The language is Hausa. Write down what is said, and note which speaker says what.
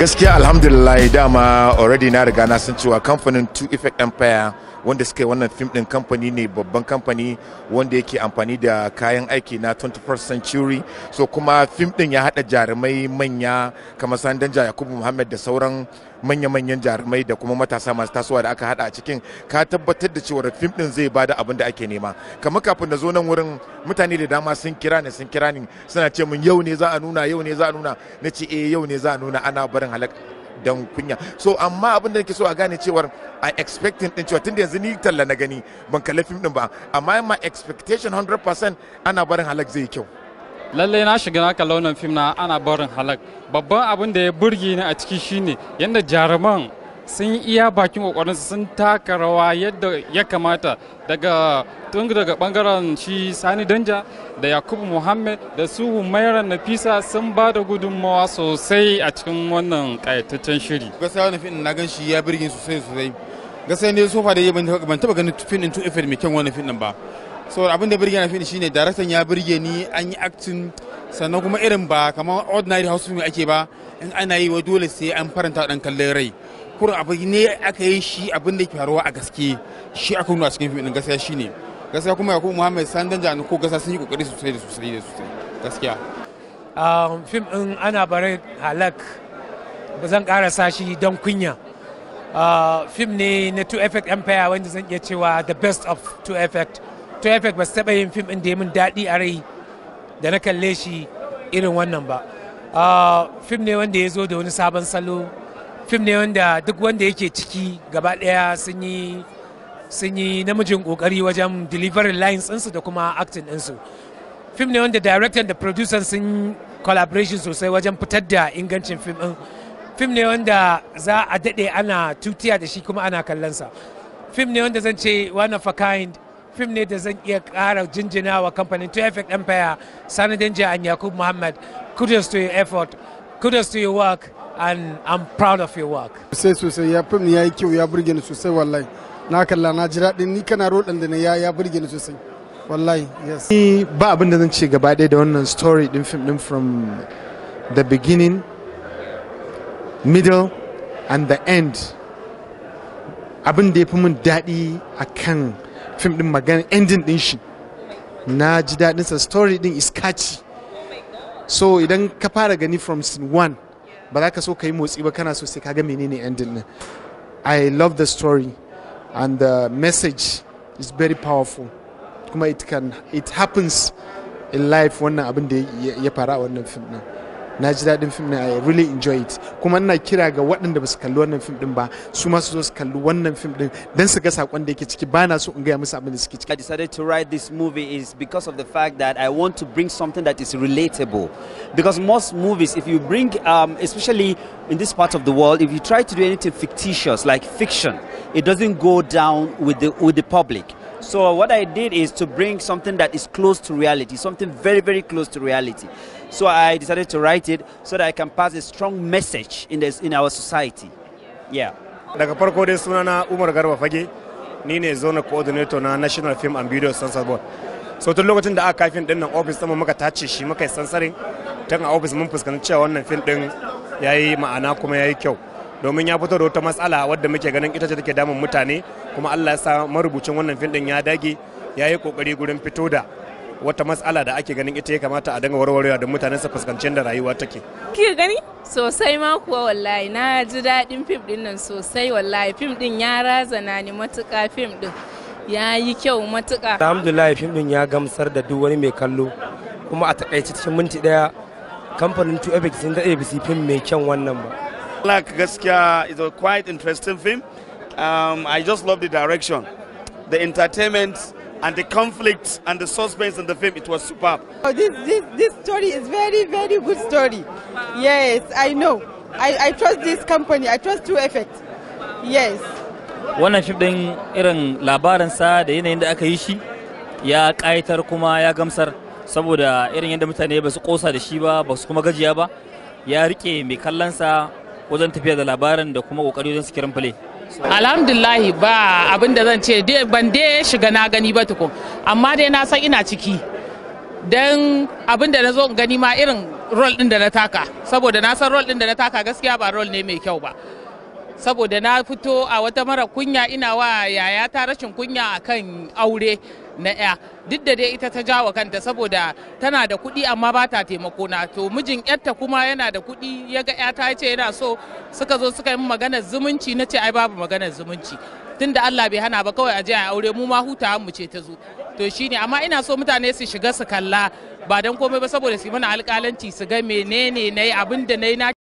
Speaker 1: gaskiya alhamdulillah dama already na riga na san cewa kamfanin two effect empire wanda suka yi wannan fim din kamfani ne babban kamfani wanda yake amfani da kayan aiki na 21st century so kuma fim din ya hada jarumai manya kamar sandan yakubu muhammad da sauran manya-manyan jarumai da kuma matasa masu tasowa da aka hada a cikin ka tabbatar da cewa fim din zai bada abin da ake nema kamar kafin na zo nan wurin mutane da dama sun kira ne sun kira ne suna ce min yau ne za a nuna yau ne za a nuna na ce eh yau ne za a nuna ana barin halaka dan kunya so amma abin da nake so a gane cewar i expecting din cewa tunda yanzu ni talla na gani ban kalli fim din ba amma my expectation 100% ana barin halak zai kyau
Speaker 2: lallai na shiga na kalla wannan fim na ana barin halak babban abin da ya burge ni a ciki shine yanda jaruman sun yi iya bakin kokarin sun taka rawa yadda ya kamata daga tun daga bangaren shi sani danja da yakubu muhammed da su humairan nafisa sun ba da gudunmawa sosai a cikin wannan kayataccen shiri
Speaker 3: gasa wani fiɗin na ganshi shi ya birgin sosai sosai gasa ne fa da yi ban taba ganin fiɗin tun tu'ifir mai kyan wani fiɗin ba So abin da birge na fiɗin shine daraktan ya birge ni an yi aktin sannan kuma irin ba kamar ordinary house film ake ba in ana yi wa dole sai an faranta dan kallon rai kurin abu ne aka yi shi abin da ke faruwa a gaske shi aka nuna cikin fim din gaskiya shine gaskiya kuma yakubu muhammad sandan jani ko gaskiya sun yi kokari sosai da sosai da sosai gaskiya
Speaker 4: fim din ana bare halak ba zan karasa shi don kunya fim ne na 2 effect empire wanda zan iya cewa the best of 2 effect two effect ba su taba yin fim din da ya min daɗi a rai da na kalle shi irin wannan ba fim ne wanda ya zo da wani sabon salo fim ne wanda duk wanda yake ciki gaba ɗaya sun yi namijin kokari wajen delivery lines ɗinsu da kuma acting ɗinsu fim ne wanda director da producer sun collaboration sosai wajen fitar da ingancin fim ɗin fim ne wanda za a daɗe ana tutiya da shi kuma ana kallon sa. fim ne wanda zan ce one of a kind fim ne da zan iya ƙara jinjina wa kamfanin to effect empire sanadin jiya an yakub muhammad kudos to your effort kudos to your work and I'm proud of your work.
Speaker 3: Sosai sosai ya fim ya yi kyau ya burge ni sosai wallahi. Na kalla na ji daɗi ni kana roɗan da na ya ya burge ni sosai. Wallahi yes. Ni ba abin da zan ce gaba ɗaya da wannan story din fim din from the beginning, middle and the end. Abin da ya fi min daɗi a kan fim din magana ending din shi. Na ji daɗinsa story din is catchy. So idan ka fara gani from scene one ba za ka so ka yi motsi ba kana so sai ka ga menene ending din i love the story and the message is very powerful kuma it can it happens in life wannan abin da ya fara a wannan film din na ji daɗin na I really enjoy it kuma ina kira ga waɗanda ba su kalli wannan fim din ba su ma su zo su kalli wannan fim din dan su ga sakon da yake ciki ba so in gaya musu abin da suke ciki. I
Speaker 1: decided to write this movie is because of the fact that I want to bring something that is relatable because most movies if you bring um, especially in this part of the world if you try to do anything fictitious like fiction it doesn't go down with the with the public. So what I did is to bring something that is close to reality, something very, very close to reality. So I decided to write it so that I can pass a strong message in, this, in our society. Daga farko dai sunana Umar Garba Fage, ni ne zona coordinator na National Film and Video Censor Board. So tun lokacin da aka kafin nan office ɗin muka tace shi muka yi sansarin, tun a office mun fuskanci cewa wannan film din yayi ma'ana kuma yayi kyau. domin ya fito da wata matsala wadda muke ganin ita ce take damun mutane kuma Allah ya sa marubucin wannan film din ya dage yayi kokari gurin fito da wata matsala da ake ganin ita ya kamata a danga warwarewa da mutane su fuskanci da rayuwa take
Speaker 2: kika gani sosai ma kuwa wallahi na ji daɗin fim din nan sosai wallahi fim din ya razana ni matuƙa fim din ya yi kyau matuƙa
Speaker 4: alhamdulillah fim din ya gamsar da duk wani mai kallo kuma a takaice cikin minti ɗaya kamfanin 2 sun daɗe bisi fim mai kyan wannan ba
Speaker 1: Alak Gaskiya is a quite
Speaker 2: interesting film. Um, I just love the direction, the entertainment, and the conflict and the suspense in the film it was superb oh, this, this, this story is very very good story yes i know i, I trust this company i trust two effect yes wannan fim ɗin irin labarinsa da yanayin da aka yi shi ya ƙayatar kuma ya gamsar saboda irin yadda mutane ba su kosa da shi ba ba su kuma gajiya ba ya rike mai kallonsa wajen tafiya da labarin da kuma ƙoƙari wajen sikirin fule. alhamdulillahi ba abin da zan ce ban ya shiga na gani ba tukun amma dai na san ina ciki don abin da na zo gani ma irin rol din da na taka saboda na san rol din da na taka gaskiya ba rol ne mai kyau ba saboda na fito a wata mara kunya ina wa yaya ta rashin kunya a kan aure na ya duk da dai ita ta jawa kanta saboda tana da kuɗi amma ba ta taimako na to mijin yarta kuma yana da kuɗi ya ga ya ta ce yana so suka zo suka yi magana zumunci na ce ai babu magana zumunci tun da Allah bai hana ba kawai a je a aure mu ma hutawan mu ce ta zo to shine amma ina so mutane su shiga su kalla ba dan komai ba saboda su yi mana alƙalanci su ga menene nayi abin da nayi na